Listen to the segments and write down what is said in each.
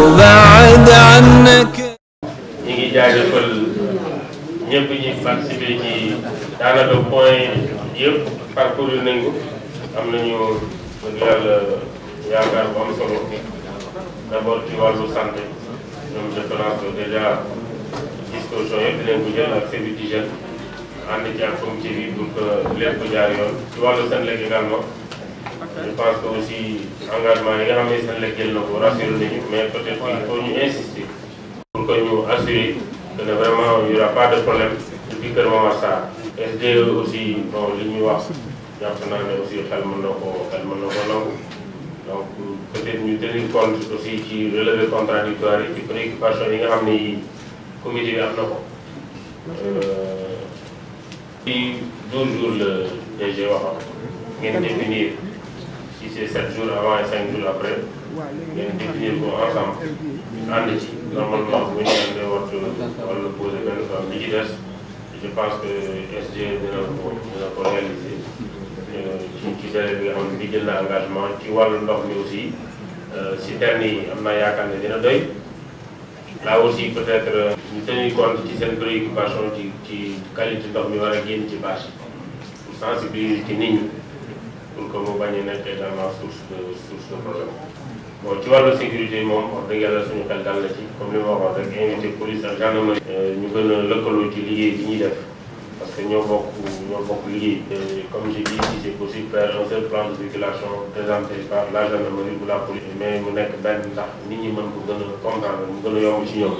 وبعد عنك ñi ngi jaajëfal ñëpp ñi participé ci daanaka point yëpp parcourir nañ am nañu dëgg yàlla yaakaar bu am solo d'abord ci wàllu santé ñoom je pense déjà disposition yëpp dinañ jaar yoon ci wàllu seen léegi également je pense que aussi engagement yi nga xam ne Senelec jël na ko rassuré nañu mais peut être il faut ñu insister pour que ñu assurer que ne vraiment il y aura pas de problème depuis Kër Momar Sarr SDE aussi bon li ñuy wax jàpp naa ne aussi xel mën na ko xel mën na ko nangu donc peut être ñu tenir compte aussi ci relevé contradictoire yi ci préoccupation yi nga xam ne yi comité bi am na ko euh, ci 12 jours la DG waxoon ngeen fixé 7 jours avant et 5 jours après ngeen définir ko ensemble ànd ci normalement bu ñu àndee wartu wala posé benn fois bi ci des je pense que SG dina ko dina ko euh, ci ci délai bi nga xam ne bi jël na ndox mi aussi si euh, terni yi am naa yaakaar ne dina doy là aussi peut-être euh, ñu tenir compte ci seen préoccupation ci ci qualité ndox mi war a génn ci bâche pour pour que mu bañ a nekk également source de source de problème bon ci wàllu sécurité moom wax dëgg yàlla suñu xel dal na ci comme li ma waxoon rek invité police ak gendarmerie euh, ñu gën a lëkkaloo ci liggéey def parce que ñoo bokk ñoo bokk liggéey comme j'ai dit si c'est possible faire un seul plan de circulation présenté par la gendarmerie police mais mu nekk benn ndax nit ñi mën ko gën a comprendre mu gën a yomb ci ñoom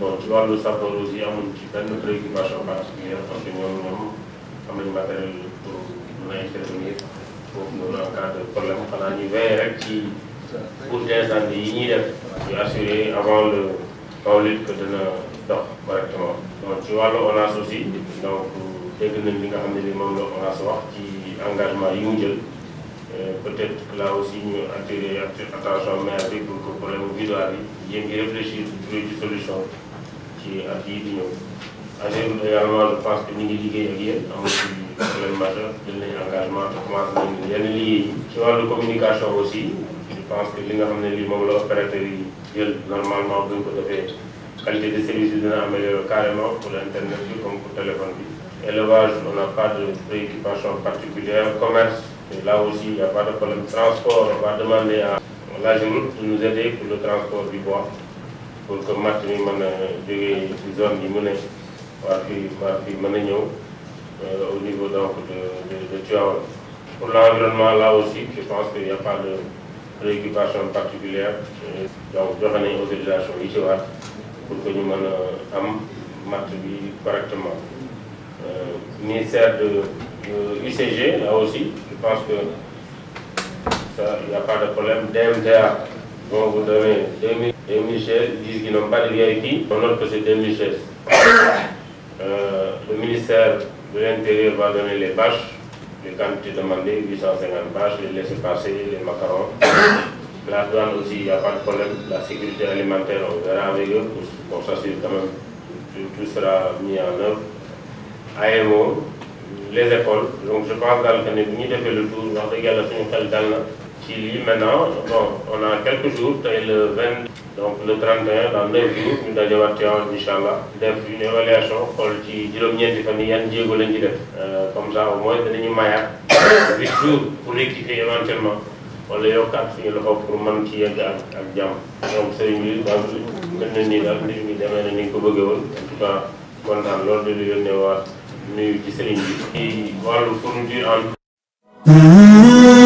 bon ci wàllu sapeur aussi amuñ ci benn préoccupation particulière parce a foofu noonu en cas de problème xanaa ñu veillé rek ci pour d'incendie yi ñuy def ñu assuré avant le Mawlid que dana dox correctement donc ci wàllu ONAS aussi donc dégg nga xam ne moom la ONAS wax engagement yi mu jël euh, peut-être que là aussi ñu attirer attention maire bi pour que problème visuel yi jéem solution ci at yii di ñëw AGEROUTE également je pense que ñu ngi liggéey ak problème majeur jël engagement te commencé nañ yenn liggéey ci communication aussi je pense que li nga xam ne lii moom la opérateur yi jël normalement bu ñu ko defee qualité de service bi dina améliorer carrément pour internet bi comme pour téléphone bi élevage on n'a pas de préoccupation particulière commerce et aussi il n'y a pas de problème transport on va demander à l'AGEROUTE de nous aider pour le transport du bois pour que matt mi mën a jógee ci zone bi mu ne waa fii a ñëw Euh, au niveau donc de, de, de Tuaon. Pour l'environnement, là aussi, je pense qu'il n'y a pas de préoccupation particulière. Euh, donc joxe nañ autorisation yi ci waat pour que ñu mën a am matt bi correctement. Euh, ministère de UCG là aussi je pense que ça il a pas de problème DMTA bon vous donnez 2000 2016 disent qu'ils n'ont pas de VIP on note que c'est 2016 euh, le ministère de l'intérieur va donner les bâches, les quantités demandées, 850 bâches, les laisser passer, les macarons. La douane aussi, il a pas de problème. La sécurité alimentaire, on verra avec eux pour, pour s'assurer quand même tout sera mis en œuvre. AMO, les écoles. Donc je pense que nous avons fait le tour, wax dëgg yàlla suñu ci lii maintenant bon a quelques jours tey le 20 donc le 31 dans 9 jours ñu dajewaat Tivaouane incha allah def une évaluation xool ci juróom-ñeenti fan yi yan jéego lañ ci def euh, comme ça au moins danañu mayaat 8 jours pour rectifier éventuellement wala yokkaat suñu loxo pour mën ci yegg ak ak jàmm donc sëriñ bi daal mel na nii daal mi demee na ni ñu ko bëggee en tout cas kontaan loolu de lu yónnee waa nuyu ci sëriñ bi ci wàllu fourniture en